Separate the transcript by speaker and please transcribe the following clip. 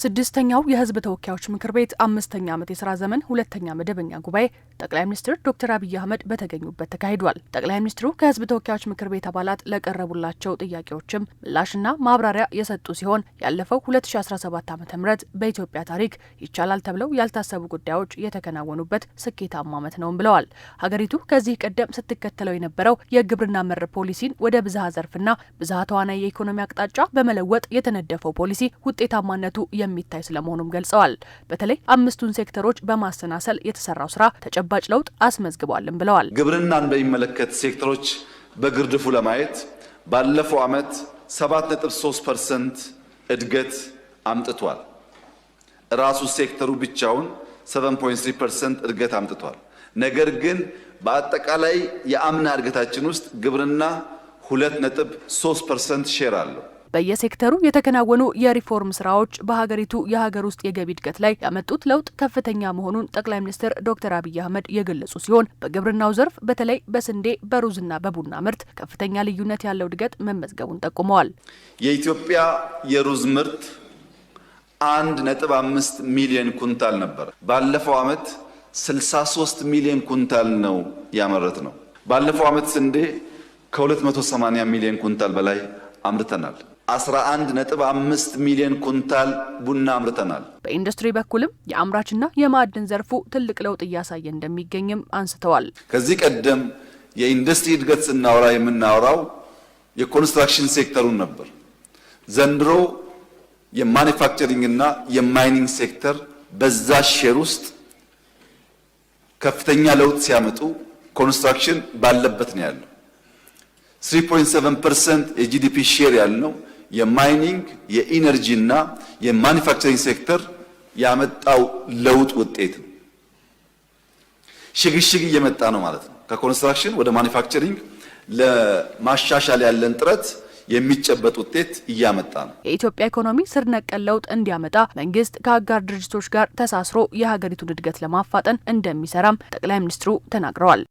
Speaker 1: ስድስተኛው የህዝብ ተወካዮች ምክር ቤት አምስተኛ ዓመት የስራ ዘመን ሁለተኛ መደበኛ ጉባኤ ጠቅላይ ሚኒስትር ዶክተር አብይ አህመድ በተገኙበት ተካሂዷል። ጠቅላይ ሚኒስትሩ ከህዝብ ተወካዮች ምክር ቤት አባላት ለቀረቡላቸው ጥያቄዎችም ምላሽና ማብራሪያ የሰጡ ሲሆን ያለፈው 2017 ዓ ም በኢትዮጵያ ታሪክ ይቻላል ተብለው ያልታሰቡ ጉዳዮች የተከናወኑበት ስኬታማ ዓመት ነውም ብለዋል። ሀገሪቱ ከዚህ ቀደም ስትከተለው የነበረው የግብርና መር ፖሊሲን ወደ ብዝሃ ዘርፍና ብዝሃ ተዋናይ የኢኮኖሚ አቅጣጫ በመለወጥ የተነደፈው ፖሊሲ ውጤታማነቱ የሚታይ ስለመሆኑም ገልጸዋል። በተለይ አምስቱን ሴክተሮች በማሰናሰል የተሰራው ስራ ተጨባጭ ለውጥ አስመዝግቧልም ብለዋል።
Speaker 2: ግብርናን በሚመለከት ሴክተሮች በግርድፉ ለማየት ባለፈው ዓመት 7.3 ፐርሰንት እድገት አምጥቷል። ራሱ ሴክተሩ ብቻውን 7.3 ፐርሰንት እድገት አምጥቷል። ነገር ግን በአጠቃላይ የአምና እድገታችን ውስጥ ግብርና 2.3 ፐርሰንት ሼር አለው።
Speaker 1: በየሴክተሩ የተከናወኑ የሪፎርም ስራዎች በሀገሪቱ የሀገር ውስጥ የገቢ እድገት ላይ ያመጡት ለውጥ ከፍተኛ መሆኑን ጠቅላይ ሚኒስትር ዶክተር አብይ አህመድ የገለጹ ሲሆን በግብርናው ዘርፍ በተለይ በስንዴ በሩዝና በቡና ምርት ከፍተኛ ልዩነት ያለው እድገት መመዝገቡን ጠቁመዋል።
Speaker 2: የኢትዮጵያ የሩዝ ምርት አንድ ነጥብ አምስት ሚሊዮን ኩንታል ነበር። ባለፈው ዓመት 63 ሚሊዮን ኩንታል ነው ያመረት ነው። ባለፈው ዓመት ስንዴ ከ280 ሚሊዮን ኩንታል በላይ አምርተናል። 11.5 ሚሊዮን ኩንታል ቡና አምርተናል።
Speaker 1: በኢንዱስትሪ በኩልም የአምራችና የማዕድን ዘርፉ ትልቅ ለውጥ እያሳየ እንደሚገኝም አንስተዋል።
Speaker 2: ከዚህ ቀደም የኢንዱስትሪ እድገት ስናወራ የምናወራው የኮንስትራክሽን ሴክተሩን ነበር። ዘንድሮ የማኒፋክቸሪንግ እና የማይኒንግ ሴክተር በዛ ሼር ውስጥ ከፍተኛ ለውጥ ሲያመጡ ኮንስትራክሽን ባለበት ነው ያለው 3.7% የጂዲፒ ሼር ያልነው የማይኒንግ የኢነርጂ እና የማኒፋክቸሪንግ ሴክተር ያመጣው ለውጥ ውጤት ነው። ሽግሽግ እየመጣ ነው ማለት ነው። ከኮንስትራክሽን ወደ ማኒፋክቸሪንግ ለማሻሻል ያለን ጥረት የሚጨበጥ ውጤት እያመጣ ነው።
Speaker 1: የኢትዮጵያ ኢኮኖሚ ስር ነቀል ለውጥ እንዲያመጣ መንግስት ከአጋር ድርጅቶች ጋር ተሳስሮ የሀገሪቱን እድገት ለማፋጠን እንደሚሰራም ጠቅላይ ሚኒስትሩ ተናግረዋል።